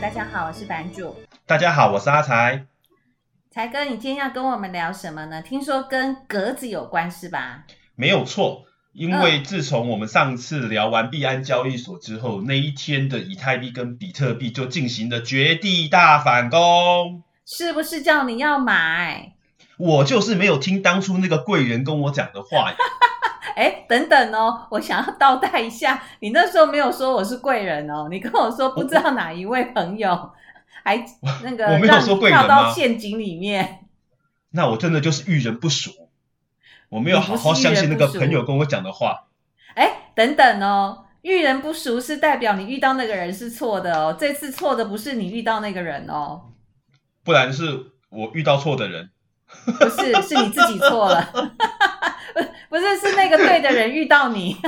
大家好，我是版主。大家好，我是阿才。才哥，你今天要跟我們聊什麼呢？聽說跟格子有關是吧？沒有錯，因為自從我們上次聊完幣安交易所之後、呃，那一天的以太幣跟比特幣就進行了絕地大反攻。是不是叫你要買？我就是沒有聽當初那個貴人跟我講的話 哎，等等哦，我想要倒帶一下。你那時候沒有說我是貴人哦，你跟我說不知道哪一位朋友，還那個我沒有說貴人嗎？讓你跳到陷阱裡面，那我真的就是遇人不熟，我沒有好好相信那個朋友跟我講的話。哎，等等哦，遇人不熟是代表你遇到那個人是錯的哦。這次錯的不是你遇到那個人哦，不然是我遇到錯的人，不是，是你自己錯了。 不是，是那個對的人遇到你 。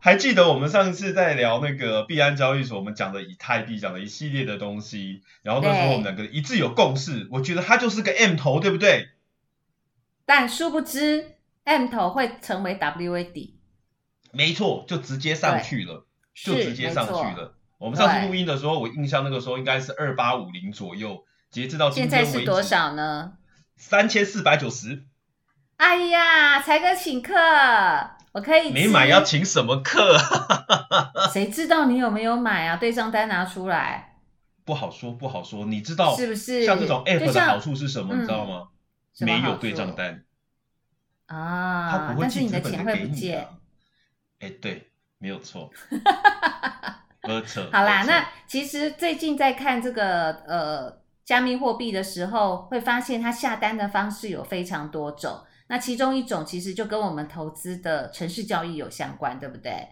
還記得我們上一次在聊那個幣安交易所，我們講的以太幣，講的一系列的東西。然後那時候我們兩個一致有共識，我覺得它就是個 M 頭，對不對，對？但殊不知 M 頭會成為 WAD。沒錯，就直接上去了，就直接上去了。我們上次錄音的時候，我印象那個時候應該是二八五零左右。截至到現在是多少呢？三千四百九十。哎呀，才哥請客，我可以。沒買要請什麼客？誰 知道你有沒有買啊？對賬單拿出來。不好說，不好說。你知道是不是？像這種 app 的好處是什麼？嗯、你知道嗎？沒有對賬單啊，他不會，但是你的錢，的你、啊、錢會不見。哎、欸，對，沒有錯。哈哈哈哈，好啦，那其實最近在看這個呃加密貨幣的時候，會發現它下單的方式有非常多種。那其中一種其實就跟我們投資的程式交易有相關，對不對？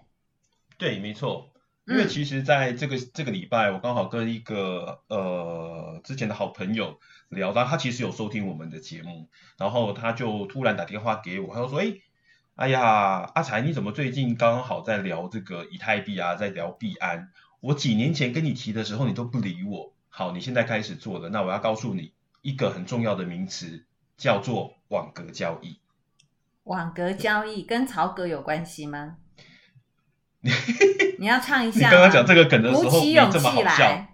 對，沒錯。因為其實在這個、嗯、這個禮拜，我剛好跟一個呃之前的好朋友聊到，他其實有收聽我們的節目，然後他就突然打電話給我，他說，說：“哎，哎呀，阿財，你怎麼最近剛好在聊這個以太幣啊，在聊幣安？我幾年前跟你提的時候，你都不理我。好，你現在開始做了，那我要告訴你一個很重要的名詞。”叫做網格交易，網格交易跟曹格有關係嗎？ 你要唱一下。你剛剛講這個梗的時候，沒這麼好笑。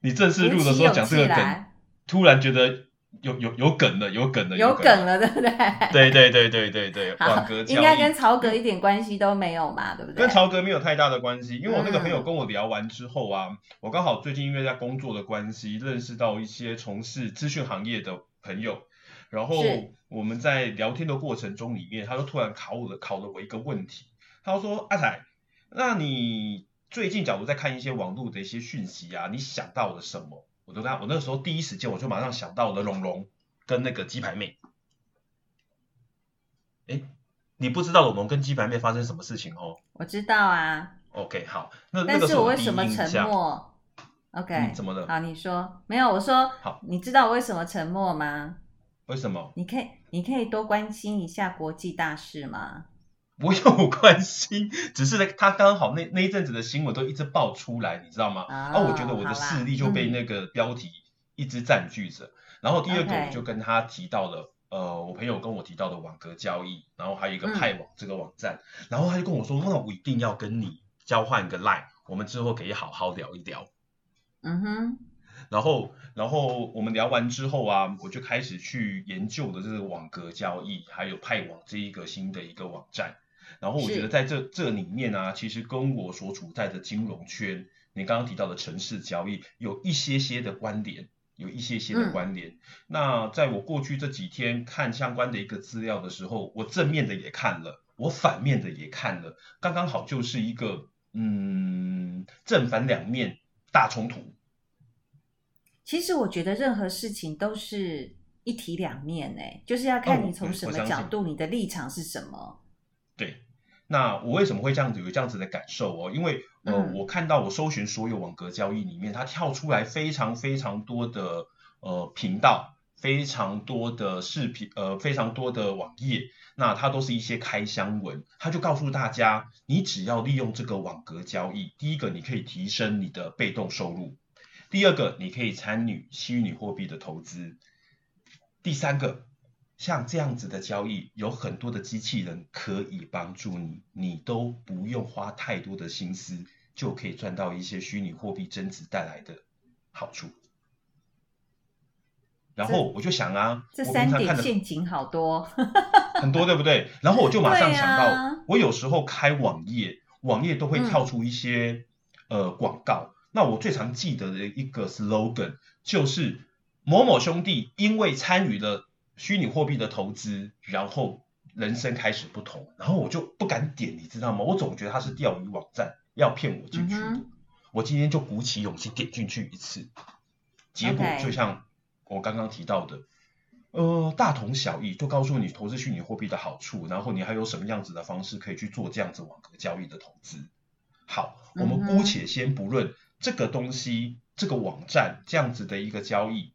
你正式錄的時候講這個梗，突然覺得有有有梗了，有梗了，有梗了，有梗了，對不對？對對對對對對，網格應該跟曹格一點關係都沒有嘛，對不對？跟曹格沒有太大的關係，因為我那個朋友跟我聊完之後啊，嗯，我剛好最近因為在工作的關係，認識到一些從事資訊行業的朋友。然後我們在聊天的過程中裡面，他就突然考我了，考了我一個問題。他就說：“阿財，那你最近假如在看一些網絡的一些訊息啊，你想到了什麼？”我就跟他，我那個時候第一時間我就馬上想到了龍龍跟那個雞排妹。哎，你不知道龍龍跟雞排妹發生什麼事情哦？我知道啊。OK，好，那那個是我為什麼沉默，OK，嗯，怎麼了？好，你說沒有？我說好，你知道我為什麼沉默嗎？為什麼？你可以，你可以多關心一下國際大事嗎？我有關心，只是他剛好那那一陣子的新聞都一直爆出來，你知道嗎？哦、啊，然後我覺得我的視力就被那個標題一直佔據着。哦嗯、然後第二個，我就跟他提到了，okay. 呃，我朋友跟我提到的網格交易，然後還有一個派網這個網站，嗯。然後他就跟我說，那我一定要跟你交換一個 line，我們之後可以好好聊一聊。嗯哼。然後，然後我們聊完之後啊，我就開始去研究的這個網格交易，還有派網這一個新的一個網站。然後我覺得在這這裡面啊，其實跟我所處在的金融圈，你剛剛提到的城市交易有一些些的關聯，有一些些的關聯、嗯。那在我過去這幾天看相關的一個資料的時候，我正面的也看了，我反面的也看了，剛剛好就是一個嗯，正反兩面大衝突。其實我覺得任何事情都是一體兩面誒、欸，就是要看你從什麼角度，你的立場是什麼、哦。對，那我為什麼會這樣子有這樣子的感受哦？因為呃、嗯，我看到我搜尋所有網格交易裡面，它跳出來非常非常多的呃頻道，非常多的視頻，呃，非常多的網頁，那它都是一些開箱文，它就告訴大家，你只要利用這個網格交易，第一個你可以提升你的被動收入。第二個，你可以參與虛擬貨幣的投資；第三個，像這樣子的交易，有很多的機器人可以幫助你，你都不用花太多的心思，就可以賺到一些虛擬貨幣增值帶來的好處。然後我就想啊，這，這三點陷阱，好多， 我平常看的很多對不對？然後我就馬上想到，啊，我有時候開網頁，網頁都會跳出一些，嗯、呃廣告。那我最常記得的一個 slogan 就是某某兄弟，因為參與了虛擬貨幣的投資，然後人生開始不同，然後我就不敢點，你知道嗎？我總覺得他是釣魚網站，要騙我進去、嗯。我今天就鼓起勇氣點進去一次，結果就像我剛剛提到的，Okay. 呃，大同小異，就告訴你投資虛擬貨幣的好處，然後你還有什麼樣子的方式可以去做這樣子網格交易的投資？好，我們姑且先不論。這個東西，這個網站這樣子的一個交易，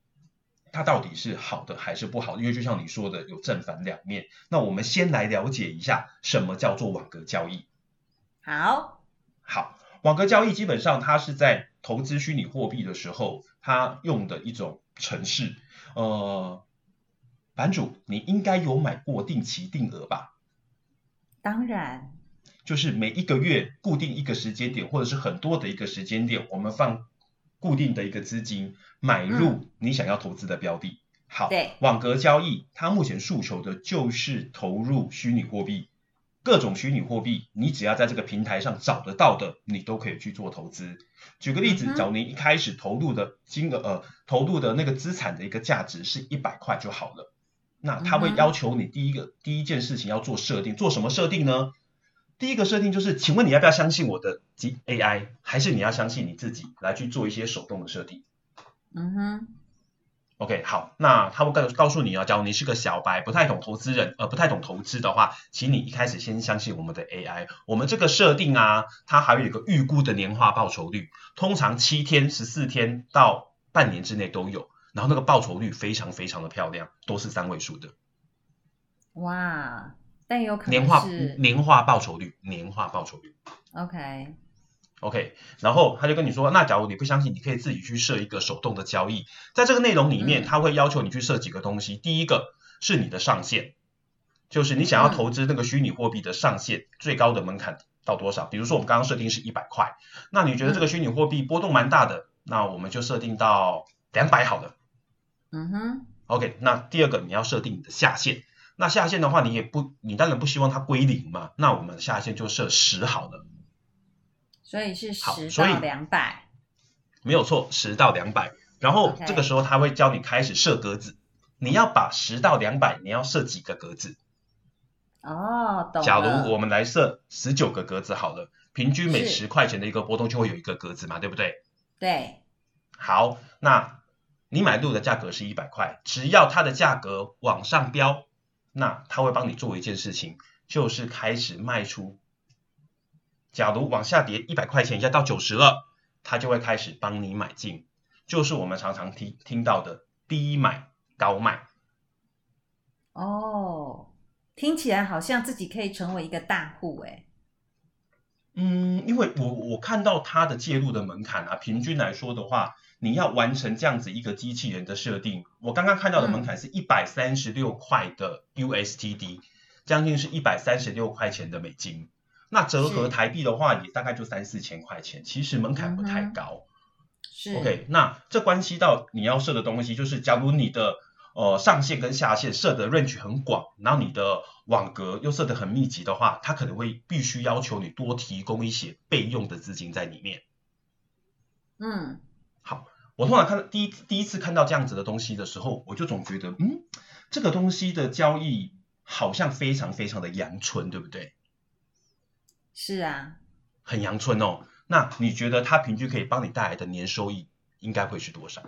它到底是好的還是不好？因為就像你說的，有正反兩面。那我們先來了解一下什麼叫做網格交易。好，好，網格交易基本上它是在投資虛擬貨幣的時候，它用的一種程式。呃，版主，你應該有買過定期定額吧？當然。就是每一個月固定一個時間點，或者是很多的一個時間點，我們放固定的一個資金買入你想要投資的標的。嗯、好，對，網格交易它目前訴求的就是投入虛擬貨幣，各種虛擬貨幣，你只要在這個平台上找得到的，你都可以去做投資。舉個例子，假如你一開始投入的金額、呃，投入的那個資產的一個價值是一百塊就好了，那它會要求你第一個、嗯、第一件事情要做設定，做什麼設定呢？第一個設定就是，請問你要不要相信我的 G A I，還是你要相信你自己來去做一些手動的設定？嗯哼，OK，好，那他會告告訴你啊，假如你是個小白，不太懂投資人，呃，不太懂投資的話，請你一開始先相信我們的 A I，我們這個設定啊，它還有一個預估的年化報酬率，通常七天、十四天到半年之內都有，然後那個報酬率非常非常的漂亮，都是三位數的。哇。年化年化報酬率，年化報酬率。OK，OK，、okay. okay, 然後他就跟你說，那假如你不相信，你可以自己去設一個手動的交易，在這個內容裡面，嗯、他會要求你去設幾個東西。第一個是你的上限，就是你想要投資那個虛擬貨幣的上限，嗯、最高的門檻到多少？比如說我們剛剛設定是一百塊，那你覺得這個虛擬貨幣波動蠻大的，嗯、那我們就設定到兩百好的，嗯哼，OK，那第二個你要設定你的下限。那下限的話，你也不，你當然不希望它歸零嘛。那我們下限就設十好了。所以是十到兩百，沒有錯，十到兩百。然後、okay. 這個時候它會教你開始設格子，你要把十到兩百、嗯，你要設幾個格子？哦、oh, 懂了。假如我們來設十九個格子好了，平均每十塊錢的一個波動就會有一個格子嘛，對不對？對。好，那你買入的價格是一百塊，只要它的價格往上飆。那他會幫你做一件事情，就是開始賣出。假如往下跌一百塊錢，一下到九十了，他就會開始幫你買進，就是我們常常聽聽到的低買高賣。哦，聽起來好像自己可以成為一個大戶誒。嗯，因為我我看到它的介入的門檻啊，平均來說的話，你要完成這樣子一個機器人的設定，我剛剛看到的門檻是一百三十六塊的 USDT、嗯、將近是一百三十六塊錢的美金，那折合台幣的話也大概就三四千塊錢，其實門檻不太高。是、嗯嗯，OK，那這關係到你要設的東西，就是假如你的。呃，上限跟下限設的 range 很廣，然後你的網格又設得很密集的話，它可能會必須要求你多提供一些備用的資金在裡面。嗯，好，我通常看到第一第一次看到這樣子的東西的時候，我就總覺得，嗯，這個東西的交易好像非常非常的陽春，對不對？是啊，很陽春哦。那你覺得它平均可以幫你帶來的年收益應該會是多少？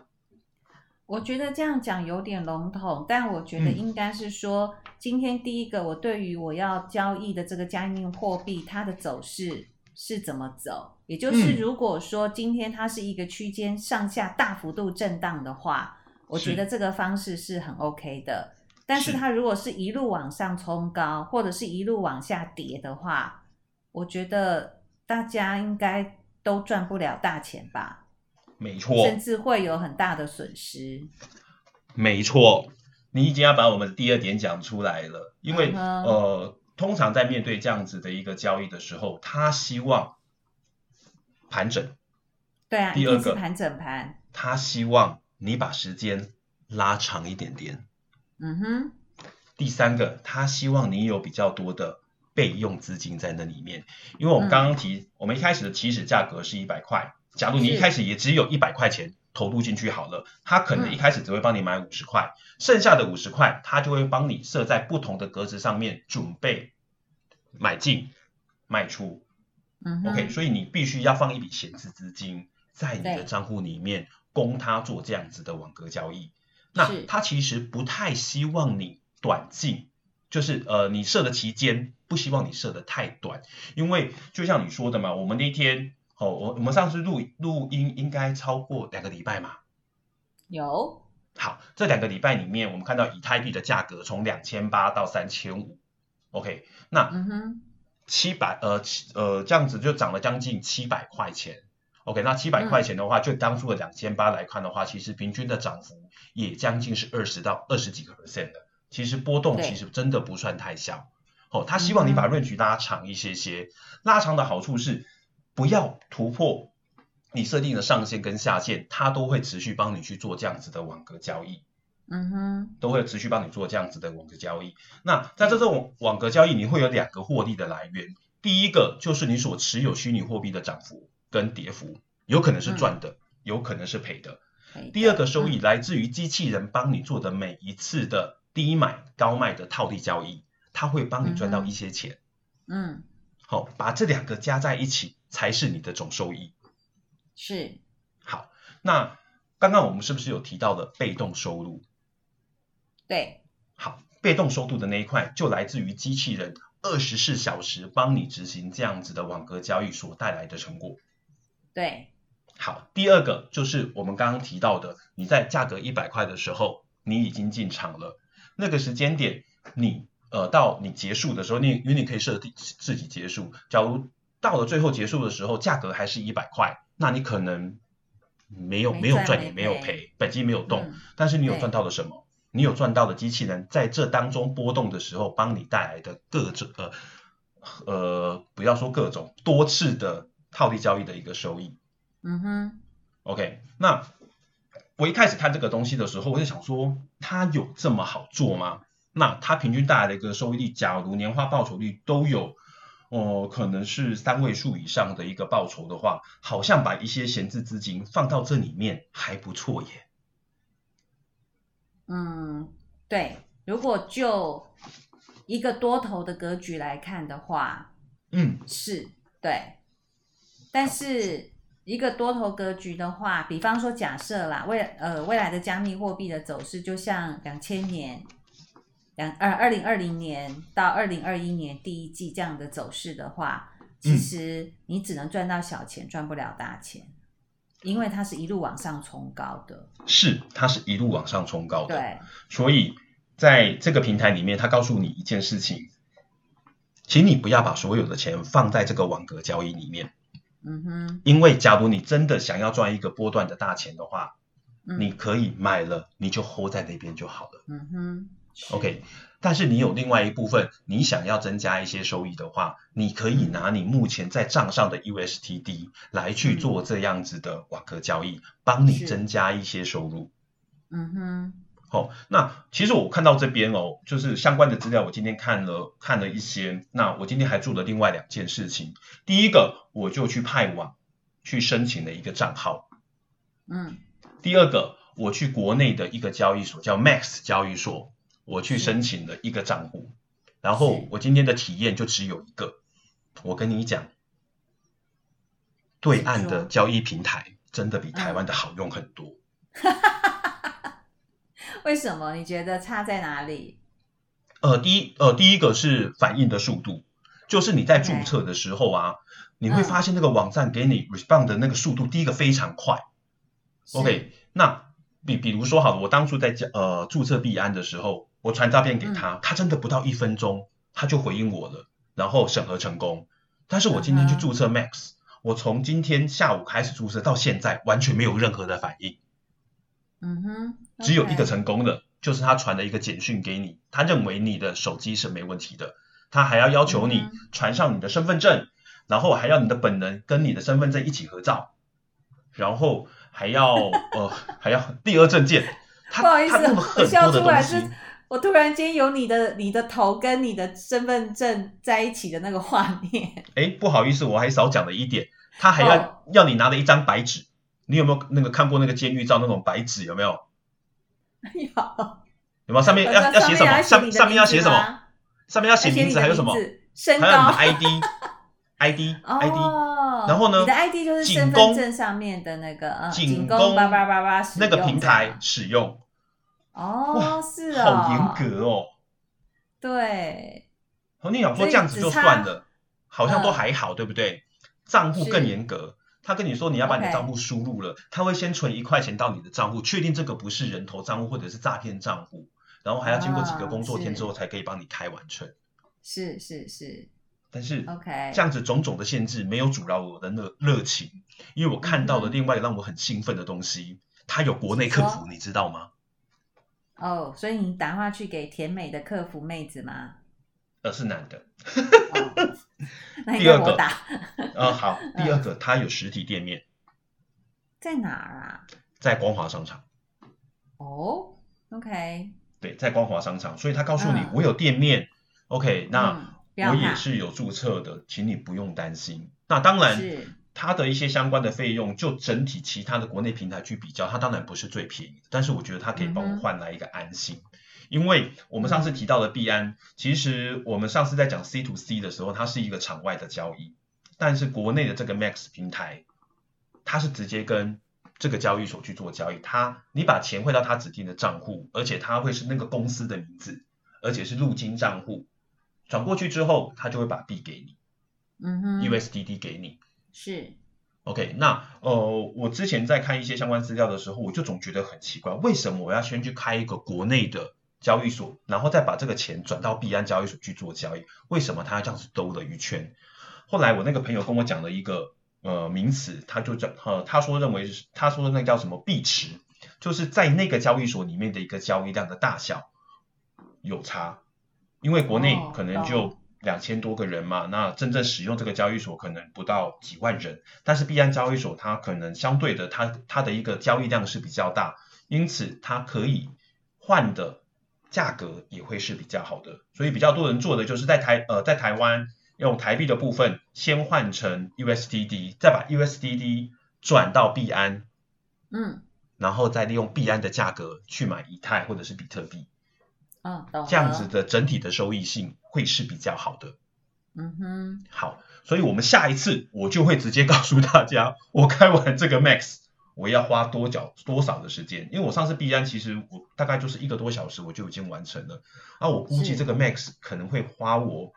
我覺得這樣講有點籠統，但我覺得應該是說，嗯、今天第一個，我對於我要交易的這個加密貨幣，它的走勢是怎麼走？也就是，如果說今天它是一個區間上下大幅度震盪的話，嗯、我覺得這個方式是很 OK 的。但是它如果是一路往上衝高，或者是一路往下跌的話，我覺得大家應該都賺不了大錢吧。沒錯，甚至會有很大的損失。沒錯，你已經要把我們第二點講出來了，因為、嗯、呃，通常在面對這樣子的一個交易的時候，他希望盤整。對啊，第二個盤整盤，他希望你把時間拉長一點點。嗯哼。第三個，他希望你有比較多的備用資金在那裡面，因為我們剛剛提、嗯，我們一開始的起始價格是一百塊。假如你一開始也只有一百塊錢投入進去好了，他可能一開始只會幫你買五十塊，剩下的五十塊他就會幫你設在不同的格子上面準備買進賣出。嗯，OK，所以你必須要放一筆閒置資金在你的賬戶裡面供他做這樣子的網格交易。那他其實不太希望你短進，就是呃你設的期間不希望你設的太短，因為就像你說的嘛，我們那天。哦，我我們上次錄錄音應該超過兩個禮拜嘛？有。好，這兩個禮拜裡面，我們看到以太幣的價格從兩千八到三千五，OK？那七百、嗯哼、呃七呃這樣子就漲了將近七百塊錢，OK？那七百塊錢的話，嗯、就當初的兩千八來看的話，其實平均的漲幅也將近是二十到二十幾個 percent 的，其實波動其實真的不算太小。哦，他希望你把 range 拉長一些些，嗯、拉長的好處是。不要突破你設定的上限跟下限，它都會持續幫你去做這樣子的網格交易。嗯哼，都會持續幫你做這樣子的網格交易。那在這種網格交易，你會有兩個獲利的來源。第一個就是你所持有虛擬貨幣的漲幅跟跌幅，有可能是賺的，嗯，有可能是賠的，嗯。第二個收益來自於機器人幫你做的每一次的低買高賣的套利交易，它會幫你賺到一些錢。嗯，嗯，好，哦，把這兩個加在一起。才是你的總收益，是好。那剛剛我們是不是有提到的被動收入？對，好，被動收入的那一塊就來自於機器人二十四小時幫你執行這樣子的網格交易所帶來的成果。對，好。第二個就是我們剛剛提到的，你在價格一百塊的時候，你已經進場了。那個時間點，你呃，到你結束的時候，你因為你可以設定自己結束。假如到了最後結束的時候，價格還是一百塊，那你可能沒有沒有賺也沒有賠，本金沒有動，嗯，但是你有賺到的什麼？你有賺到的機器人在這當中波動的時候幫你帶來的各種呃，呃，不要說各種多次的套利交易的一個收益。嗯哼，OK，那我一開始看這個東西的時候，我就想說它有這麼好做嗎？那它平均帶來的一個收益率，假如年化報酬率都有。哦，可能是三位數以上的一個報酬的話，好像把一些閒置資金放到這裡面還不錯耶。嗯，對，如果就一個多頭的格局來看的話，嗯，是，對。但是一個多頭格局的話，比方說假設啦，未呃，未來的加密貨幣的走勢就像兩千年，二零二零年到二零二一年第一季這樣的走勢的話，其實你只能賺到小錢，賺不了大錢，嗯、因為它是一路往上沖高的。是，它是一路往上沖高的。對。所以在這個平台裡面，他告訴你一件事情，請你不要把所有的錢放在這個網格交易裡面。嗯哼。因為假如你真的想要賺一個波段的大錢的話，嗯、你可以買了，你就 hold 在那邊就好了。嗯哼。OK，是，但是你有另外一部分，你想要增加一些收益的話，你可以拿你目前在賬上的 USDT 來去做這樣子的網格交易，嗯、幫你增加一些收入。嗯哼，好、哦，那其實我看到這邊哦，就是相關的資料，我今天看了看了一些。那我今天還做了另外兩件事情，第一個我就去派網去申請了一個賬號。嗯，第二個我去國內的一個交易所叫 Max 交易所。我去申請了一個賬戶，嗯，然後我今天的體驗就只有一個。我跟你講，對岸的交易平台真的比台灣的好用很多，嗯。為什麼？你覺得差在哪裡？呃，第一，呃，第一個是反應的速度，就是你在註冊的時候啊，嗯、你會發現那個網站給你 respond 的那個速度，第一個非常快。OK，那比比如說好，好我當初在呃註冊幣安的時候。我傳照片給他，他真的不到一分鐘他就回應我了，然後審核成功。但是我今天去註冊 Max，uh -huh. 我從今天下午開始註冊到現在完全沒有任何的反應。嗯哼，只有一個成功的，就是他傳了一個簡訊給你，他認為你的手機是沒問題的。他還要要求你傳上你的身份證，uh -huh. 然後還要你的本人跟你的身份證一起合照，然後還要呃還要第二證件。 他，不好意思，他弄了很多的東西。我突然間有你的你的頭跟你的身份證在一起的那個畫面。哎、欸，不好意思，我還少講了一點，他還要、哦、要你拿着一張白紙，你有沒有那個看過那個監獄照那種白紙？有沒有？有。有嗎？上面要、啊、要寫什麼？上上面要寫什麼？上面要寫名，名，名字，還有什麼身高 ID ID ID。哦。然後呢？你的 ID 就是身份證上面的那個啊，僅、嗯、供那個平台使用。哦，是哦，好嚴格哦！對，我、哦、你想說這樣子就算了，好像都還好，呃、對不對？賬戶更嚴格，他跟你說你要把你的賬戶輸入了，okay, 他會先存一塊錢到你的賬戶，確定這個不是人頭賬戶或者是詐騙賬戶，然後還要經過幾個工作天之後才可以幫你開完成。是、呃、是是，但是，是，是，是，但是 OK 這樣子種種的限制沒有阻撓我的熱熱情，因為我看到的另外讓我很興奮的東西，嗯、它有國內客服，你知道嗎？哦、oh，所以你打電話去給甜美的客服妹子嗎？呃，是男的。 oh, 那你跟我打第二個。啊、 哦，好、嗯，第二個他有實體店面、嗯，在哪兒啊？在光華商場。哦、oh？OK。對，在光華商場，所以他告訴你我有店面。嗯、OK，那、嗯、我也是有注冊的，請你不用擔心。那當然。它的一些相關的費用，就整體其他的國內平台去比較，它當然不是最便宜的，但是我覺得它可以幫我換來一個安心，mm -hmm. 因為我們上次提到的幣安，其實我們上次在講 C to C 的時候，它是一個場外的交易，但是國內的這個 Max 平台，它是直接跟這個交易所去做交易，它你把錢匯到它指定的賬戶，而且它會是那個公司的名字，mm -hmm. 而且是入金賬戶，轉過去之後，它就會把幣給你，嗯哼，USDD 給你。是，OK，那呃，我之前在看一些相關資料的時候，我就總覺得很奇怪，為什麼我要先去開一個國內的交易所，然後再把這個錢轉到幣安交易所去做交易？為什麼他這樣子兜了一圈？後來我那個朋友跟我講了一個呃名詞，他就講，呃，他說認為是他說的那叫什麼幣池，就是在那個交易所裡面的一個交易量的大小有差，因為國內可能就。哦兩千多個人嘛，那真正使用這個交易所可能不到幾萬人，但是幣安交易所它可能相對的它它的一個交易量是比較大，因此它可以換的價格也會是比較好的，所以比較多人做的就是在台呃在台灣用台幣的部分先換成 USDD 再把 USDD 轉到幣安，嗯，然後再利用幣安的價格去買以太或者是比特幣。哦、這樣子的整體的收益性會是比較好的。嗯哼，好，所以我們下一次我就會直接告訴大家，我開完這個 Max，我要花多久多少的時間？因為我上次 B 站，其實我大概就是一個多小時我就已經完成了，啊，我估計這個 Max 可能會花我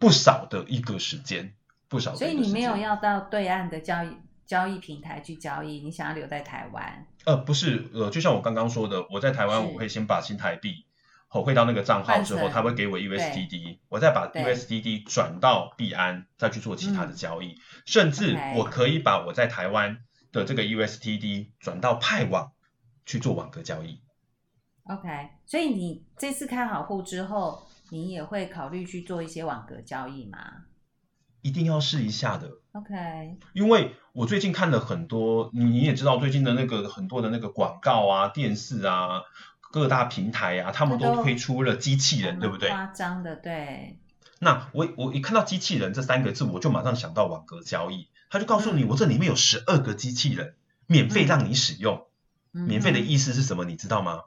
不少的一個時間，不少。所以你沒有要到對岸的交易。交易平台去交易，你想要留在台灣？呃，不是，呃，就像我剛剛說的，我在台灣我會先把新台幣匯到那個賬號之後，他會給我 USDD，我再把 USDD 轉到幣安，再去做其他的交易，嗯、甚至、okay. 我可以把我在台灣的這個 USDD 轉到派網去做網格交易。OK，所以你這次開好戶之後，你也會考慮去做一些網格交易嗎？一定要試一下的。OK，因為。我最近看了很多，你也知道，最近的那個很多的那個廣告啊、嗯、電視啊、各大平台啊，他們都推出了機器人，對不對？誇張的，對。對對，那我我一看到機器人這三個字，我就馬上想到網格交易。他就告訴你，嗯、我這裡面有十二個機器人，免費讓你使用、嗯。免費的意思是什麼？你知道嗎？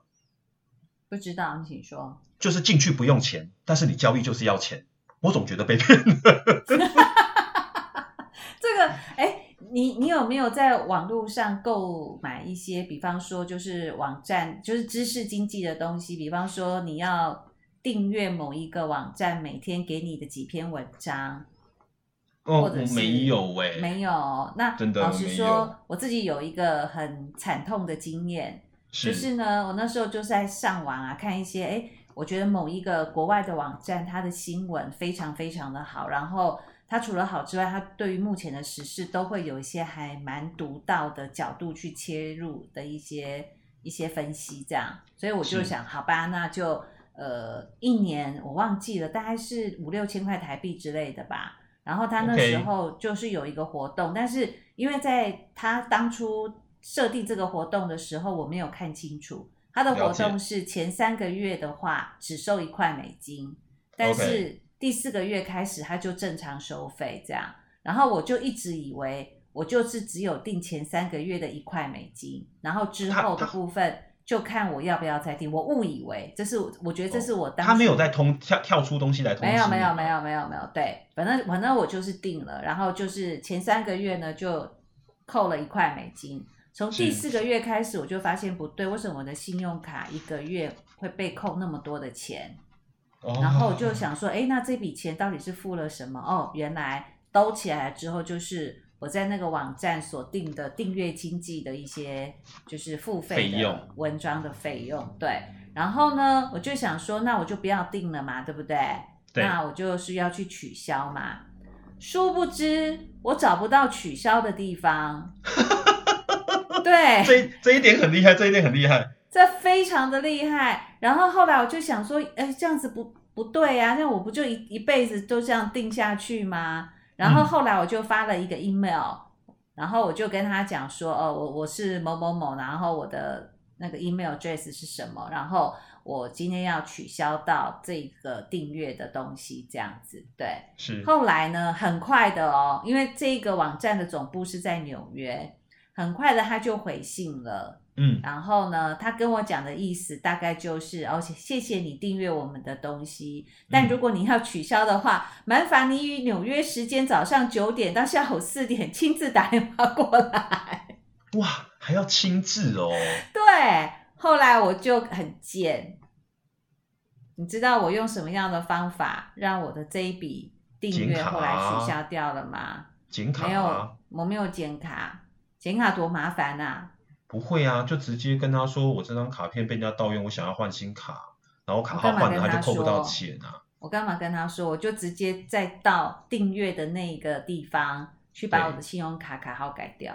不知道，你請說。就是進去不用錢，但是你交易就是要錢。我總覺得被騙了。 這個，哎、欸。你你有沒有在網絡上購買一些，比方說就是網站，就是知識經濟的東西，比方說你要訂閱某一個網站，每天給你的幾篇文章，哦，或者是沒有、欸、沒有，那真的，老實說我，我自己有一個很慘痛的經驗，是就是呢，我那時候就是在上網啊，看一些，誒我覺得某一個國外的網站，它的新聞非常非常的好，然後。他除了好之外，他對於目前的時事都會有一些還蠻獨到的角度去切入的一些一些分析，這樣。所以我就想，好吧，那就呃，一年我忘記了，大概是五六千塊台幣之類的吧。然後他那時候就是有一個活動，okay. 但是因為在他當初設定這個活動的時候，我沒有看清楚他的活動是前三個月的話只收一塊美金，但是。Okay. 第四個月開始，他就正常收費，這樣。然後我就一直以為，我就是只有訂前三個月的一塊美金，然後之後的部分就看我要不要再訂。我誤以為，這是我覺得這是我當時，哦。他沒有在通跳跳出東西來通知。沒有沒有沒有沒有沒有，對，反正反正我就是訂了，然後就是前三個月呢就扣了一塊美金。從第四個月開始，我就發現不對，為什麼我的信用卡一個月會被扣那麼多的錢？然後我就想說，哎，那這筆錢到底是付了什麼？哦，原來兜起來之後，就是我在那個網站所訂的訂閱經濟的一些，就是付費的費用文章的費用。對。然後呢，我就想說，那我就不要訂了嘛，對不對？對。那我就是要去取消嘛。殊不知，我找不到取消的地方。哈哈哈哈哈哈！對，這這一點很厲害，這一點很厲害。這非常的厲害，然後後來我就想說，哎，這樣子不，不對啊，那我不就一，一輩子都這樣定下去嗎？然後後來我就發了一個 email，嗯，然後我就跟他講說，哦，我我是某某某，然後我的那個 email address 是什麼，然後我今天要取消到這個訂閱的東西，這樣子對。是。後來呢，很快的哦，因為這個網站的總部是在紐約。很快的，他就回信了。嗯，然後呢，他跟我講的意思大概就是：而、哦、且謝謝你訂閱我們的東西、嗯，但如果你要取消的話，麻煩你於紐約時間早上九點到下午四點親自打電話過來。哇，還要親自哦？ 對。後來我就很賤，你知道我用什麼樣的方法讓我的這一筆訂閱後來取消掉了嗎？剪卡。啊？沒有，我沒有剪卡。剪卡多麻煩吶、啊！不會啊，就直接跟他說我這張卡片被人家盜用，我想要換新卡，然後卡號換了他，他就扣不到錢啊。我幹嘛跟他說？我就直接再到訂閱的那一個地方去把我的信用卡卡號改掉。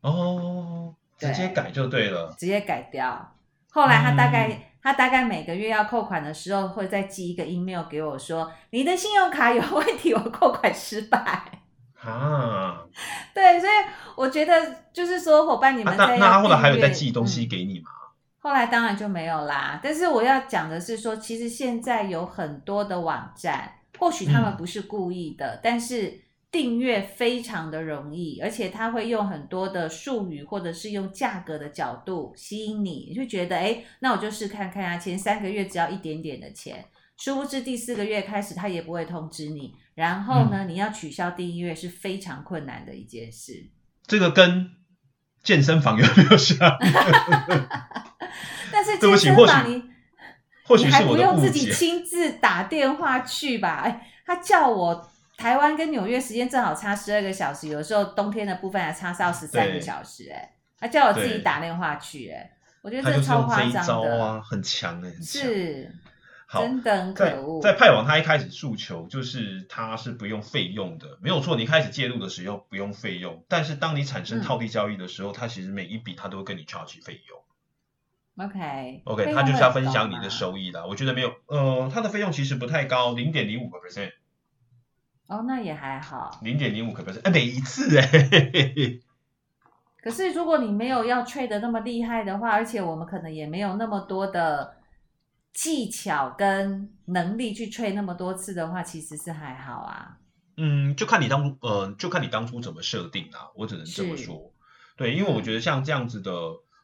哦，直接改就對了。對，直接改掉。後來他大概、嗯、他大概每個月要扣款的時候，會再寄一個 email 給我說，你的信用卡有問題，我扣款失敗。啊，對，所以我覺得就是說，夥伴你們、啊、那那他後來還有在寄東西給你嗎、嗯？後來當然就沒有啦。但是我要講的是說，其實現在有很多的網站，或許他們不是故意的，嗯、但是訂閱非常的容易，而且他會用很多的術語，或者是用價格的角度吸引你，你就覺得誒那我就試看看啊，前三個月只要一點點的錢，殊不知第四個月開始他也不會通知你。然後呢、嗯？你要取消訂閱是非常困難的一件事。這個跟健身房有沒有像？ 但是健身房你，你，你還不用自己親自打電話去吧？哎，他叫我台灣跟紐約時間正好差十二個小時，有時候冬天的部分還差到十三個小時、欸。哎，他叫我自己打電話去、欸。哎，我覺得這超誇張的。啊、很強哎、欸，是。好，真的很可惡！在，在派網，他一開始訴求就是他是不用費用的，沒有錯。你開始介入的時候不用費用，但是當你產生套利交易的時候、嗯，他其實每一筆他都會跟你 charge 費用。OK，OK，、okay, okay, 他就是要分享你的收益啦。我覺得沒有，呃，他的費用其實不太高，零點零五個 percent。哦，oh, 那也還好。零點零五個 percent，哎，每一次嘿、欸、 可是如果你沒有要 trade 的那麼厲害的話，而且我們可能也沒有那麼多的。技巧跟能力去吹那麼多次的話，其實是還好啊。嗯，就看你當初，呃，就看你當初怎麼設定啦、啊，我只能這麼說。對嗯嗯，因為我覺得像這樣子的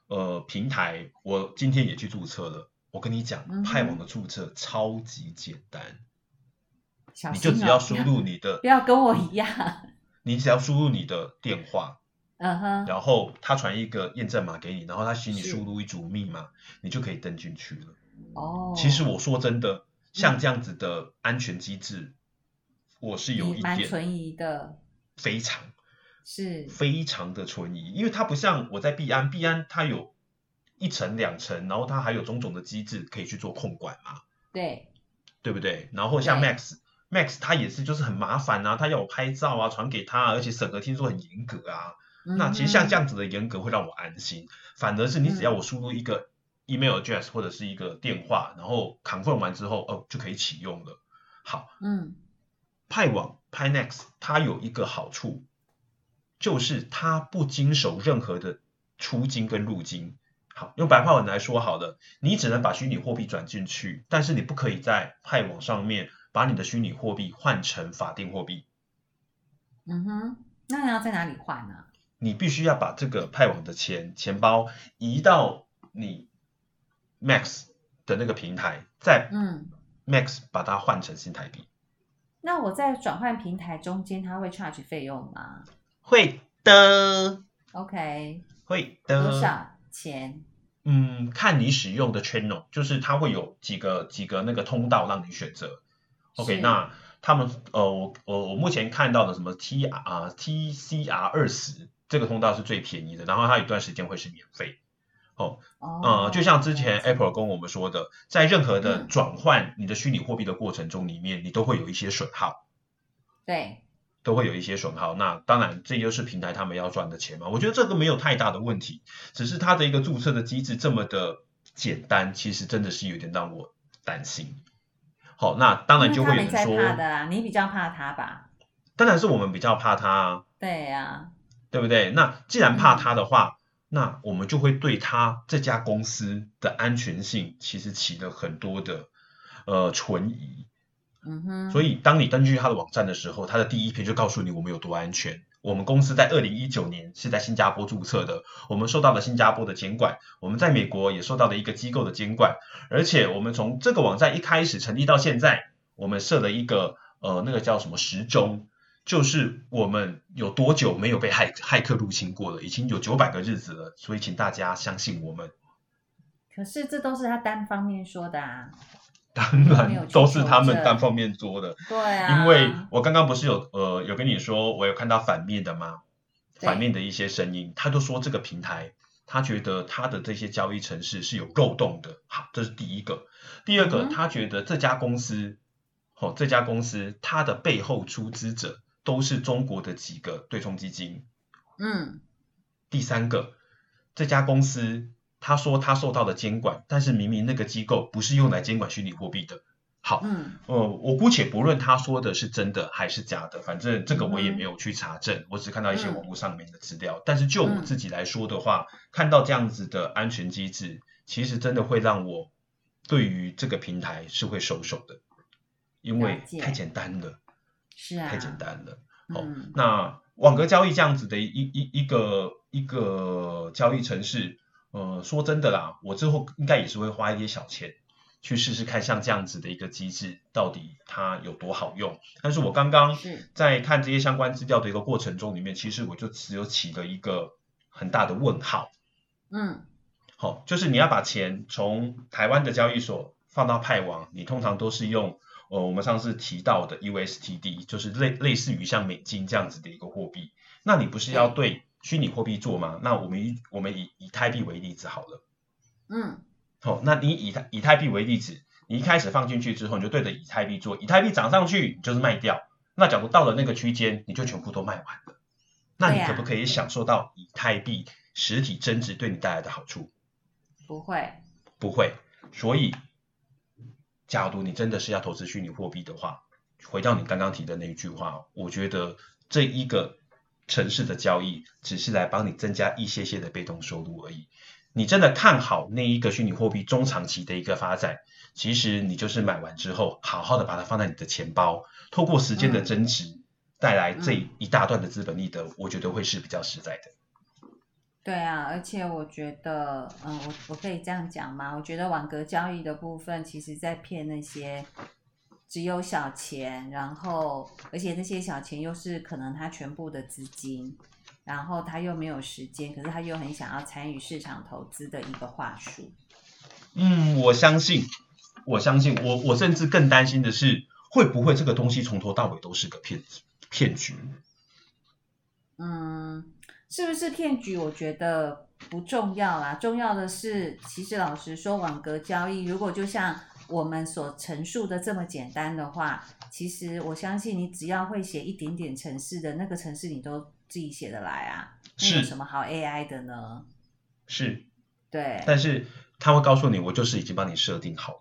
呃平台，我今天也去註冊了。我跟你講，派網的註冊超級簡單，嗯、你就只要輸入你的，啊嗯、不要跟我一樣、嗯。你只要輸入你的電話，嗯哼，然後他傳一個驗證碼給你，然後他請你輸入一組密碼，你就可以登進去了。哦，其實我說真的、哦，像這樣子的安全機製，嗯、我是有一點存疑的。非常是，非常的存疑，因為它不像我在幣安，幣安它有一層兩層，然後它還有種種的機制可以去做控管嘛。對，對不對？然後像 Max，Max 它 Max 也是，就是很麻煩啊，他要我拍照啊，傳給他、啊，而且審核聽說很嚴格啊、嗯。那其實像這樣子的嚴格會讓我安心，反而是你只要我輸入一個。嗯 email address 或者是一個電話，然後 confirm 完之後哦就可以啟用了。好，嗯，派網 Pionex 它有一個好處，就是它不經手任何的出金跟入金。好，用白話文來說，好了，你只能把虛擬貨幣轉進去，但是你不可以在派網上面把你的虛擬貨幣換成法定貨幣。嗯哼，那你要在哪裡換呢？你必須要把這個派網的錢錢包移到你。Max 的那個平台在嗯，Max 把它換成新台幣、嗯。那我在轉換平台中間，它會 charge 費用嗎？會的。OK。會的。多少錢？嗯，看你使用的 channel，就是它會有幾個幾個那個通道讓你選擇。OK，那他們呃，我我我目前看到的什麼 T 啊 T C R 二十這個通道是最便宜的，然後它有一段時間會是免費。哦、oh, oh, 嗯，呃、嗯，就像之前 Apple 跟我們說的，在任何的轉換你的虛擬貨幣的過程中裡面，嗯，你都會有一些損耗。對。都會有一些損耗，那當然這就是平台他們要賺的錢嘛。我覺得這個沒有太大的問題，只是它的一個註冊的機制這麼的簡單，其實真的是有點讓我擔心。好、oh，那當然就會有人說，你比較怕他吧？當然是我們比較怕他啊。對啊。對不對？那既然怕他的話，嗯那我們就會對他這家公司的安全性其實起了很多的呃存疑。嗯哼。所以當你登記他的網站的時候，他的第一篇就告訴你，我們有多安全。我們公司在二零一九年是在新加坡註冊的，我們受到了新加坡的監管，我們在美國也受到了一個機構的監管，而且我們從這個網站一開始成立到現在，我們設了一個呃那個叫什麼時鐘。就是我們有多久沒有被駭駭客入侵過了？已經有九百個日子了，所以請大家相信我們。可是這都是他單方面說的啊！當然都是他們單方面做的。對啊，因為我剛剛不是有呃有跟你說，我有看到反面的嗎？反面的一些聲音，他都說這個平台，他覺得他的這些交易程式是有漏洞的。好，這是第一個。第二個，嗯、他覺得這家公司，好、哦，這家公司他的背後出資者，都是中國的幾個對沖基金，嗯，第三個這家公司，他說他受到了監管，但是明明那個機構不是用來監管虛擬貨幣的。好，嗯，呃、我姑且不論他說的是真的還是假的，反正這個我也沒有去查證，嗯、我只看到一些網絡上面的資料、嗯。但是就我自己來說的話，看到這樣子的安全機制，其實真的會讓我對於這個平台是會收手的，因為太簡單了。了解。是啊，太簡單了。好、啊哦嗯，那網格交易這樣子的一一一個一,一,一個交易程式，呃，說真的啦，我之後應該也是會花一些小錢去試試看，像這樣子的一個機制，到底它有多好用？但是我剛剛在看這些相關資料的一個過程中，裡面其實我就只有起了一個很大的問號。嗯，好、哦，就是你要把錢從台灣的交易所放到派網，你通常都是用。哦，我們上次提到的 USTD 就是類類似於像美金這樣子的一個貨幣，那你不是要對虛擬貨幣做嗎、嗯？那我們我們以以太幣為例子好了，嗯，好、哦，那你以以太幣為例子，你一開始放進去之後，你就對着以太幣做，以太幣漲上去，你就是賣掉。那假如到了那個區間，你就全部都賣完了，那你可不可以享受到以太幣實體增值對你帶來的好處、嗯？不會，不會，所以。假如你真的是要投資虛擬貨幣的話，回到你剛剛提的那一句話，我覺得這一個程式的交易只是來幫你增加一些些的被動收入而已。你真的看好那一個虛擬貨幣中長期的一個發展，其實你就是買完之後，好好的把它放在你的錢包，透過時間的增值帶來這一大段的資本利得，我覺得會是比較實在的。對啊，而且我覺得，嗯，我我可以這樣講嗎？我覺得網格交易的部分，其實在騙那些只有小錢，然後而且那些小錢又是可能他全部的資金，然後他又沒有時間，可是他又很想要參與市場投資的一個話術。嗯，我相信，我相信，我我甚至更擔心的是，會不會這個東西從頭到尾都是個騙子騙局？嗯。是不是騙局？我覺得不重要啦、啊。重要的是，其實老實說，網格交易如果就像我們所陳述的這麼簡單的話，其實我相信你只要會寫一點點程式的那個程式，你都自己寫得來啊。是。有什麼好 AI 的呢是？是。對。但是他會告訴你，我就是已經幫你設定好了，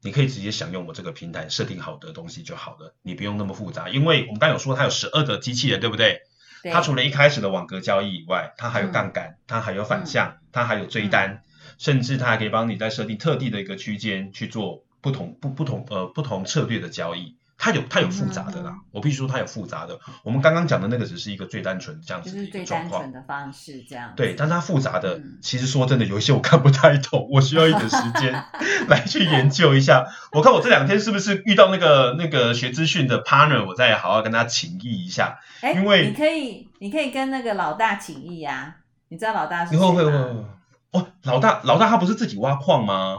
你可以直接享用我這個平台設定好的東西就好了，你不用那麼複雜。因為我們剛有說，它有十二個機器人，對不對？它除了一開始的網格交易以外，它還有槓桿，它、嗯、還有反向，它、嗯、還有追單，甚至它還可以幫你在設定特定的一個區間去做不同不不同呃不同策略的交易。它有，它有複雜的啦。嗯嗯嗯。我必須說，它有複雜的。我們剛剛講的那個只是一個最單純這樣子的狀況就是最單純的方式這樣。對，但它複雜的、嗯，其實說真的，有一些我看不太懂，我需要一點時間來去研究一下。 我看我這兩天是不是遇到那個那個學資訊的 partner，我再好好跟他請益一下。欸、因為你可以，你可以跟那個老大請益呀、啊。你知道老大是嗎？你、哦、會哦,哦，老大，老大他不是自己挖礦嗎？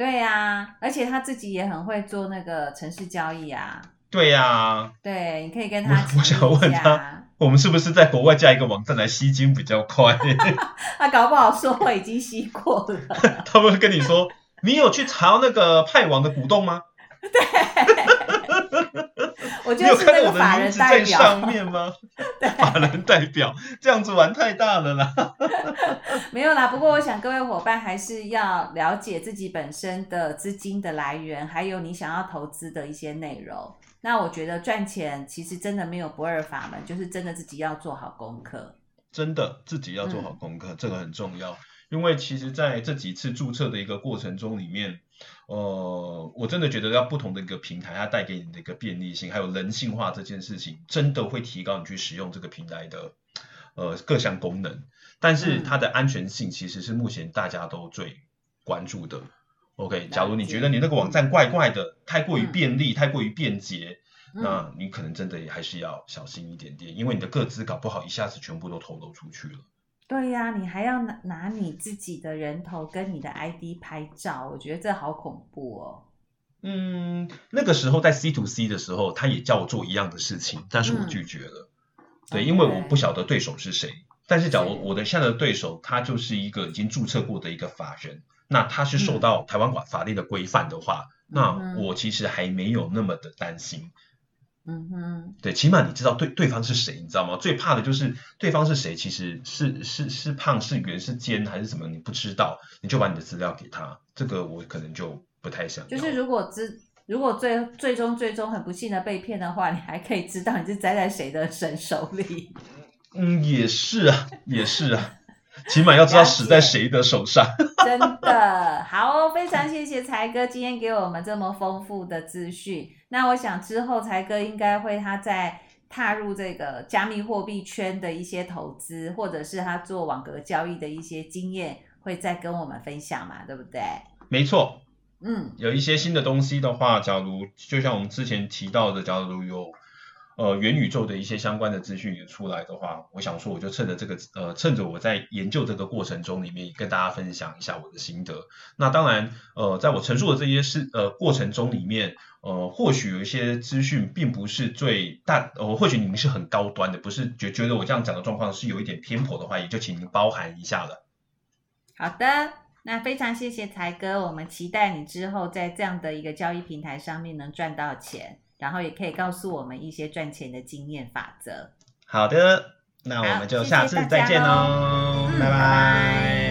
對呀、啊，而且他自己也很會做那個城市交易啊。對呀、啊，對，你可以跟他我。我想問他，我們是不是在國外架一個網站來吸金，比較快？ 他搞不好說，我已經吸過了。 他不是跟你說，你有去查那個派網的股東嗎？ 對。我有看到我的名字在上面嗎？ 法人代表這樣子玩太大了啦！ 沒有啦，不過我想各位夥伴還是要了解自己本身的資金的來源，還有你想要投資的一些內容。那我覺得賺錢其實真的沒有不二法門，就是真的自己要做好功課。真的自己要做好功課、嗯，這個很重要，因為其實在這幾次註冊的一個過程中裡面。呃，我真的覺得，要不同的一個平台，它帶給你的一個便利性，還有人性化這件事情，真的會提高你去使用這個平台的，呃，各項功能。但是它的安全性其實是目前大家都最關注的。OK，假如你覺得你那個網站怪怪的，太過於便利，太過於便捷，那你可能真的也還是要小心一點點，因為你的個資搞不好一下子全部都透露出去了。對呀、啊，你還要拿拿你自己的人頭跟你的 ID 拍照，我覺得這好恐怖哦。嗯，那個時候在 C to C 的時候，他也叫我做一樣的事情，但是我拒絕了。嗯、對，Okay. 因為我不曉得對手是誰。但是假如我的現在的對手，他就是一個已經注冊過的一個法人，那他是受到台灣法法律的規範的話、嗯，那我其實還沒有那麼的擔心。嗯哼，對，起碼你知道對對方是誰，你知道嗎？最怕的就是對方是誰，其實是是是胖是圓是尖還是什麼，你不知道，你就把你的資料給他，這個我可能就不太想。就是如果知如果最最終最終很不幸的被騙的話，你還可以知道你是栽在誰的神手裡。嗯，嗯也是啊，也是啊。 起碼要知道死在誰的手上 。真的，好哦，非常謝謝才哥今天給我們這麼豐富的資訊。那我想之後才哥應該會他在踏入這個加密貨幣圈的一些投資，或者是他做網格交易的一些經驗，會再跟我們分享嘛？對不對？沒錯，嗯，有一些新的東西的話，假如就像我們之前提到的，假如有。呃，元宇宙的一些相關的資訊也出來的話，我想說，我就趁着這個，呃，趁着我在研究這個過程中裡面，跟大家分享一下我的心得。那當然，呃，在我陳述的這些事，呃，過程中裡面，呃，或許有一些資訊並不是最大，呃，或許你們是很高端的，不是覺覺得我這樣講的狀況是有一點偏頗的話，也就請您包含一下了。好的，那非常謝謝財哥，我們期待你之後在這樣的一個交易平台上面能賺到錢。然後也可以告訴我們一些賺錢的經驗法則。好的，那我們就下次再見嘍，拜拜。嗯，拜拜。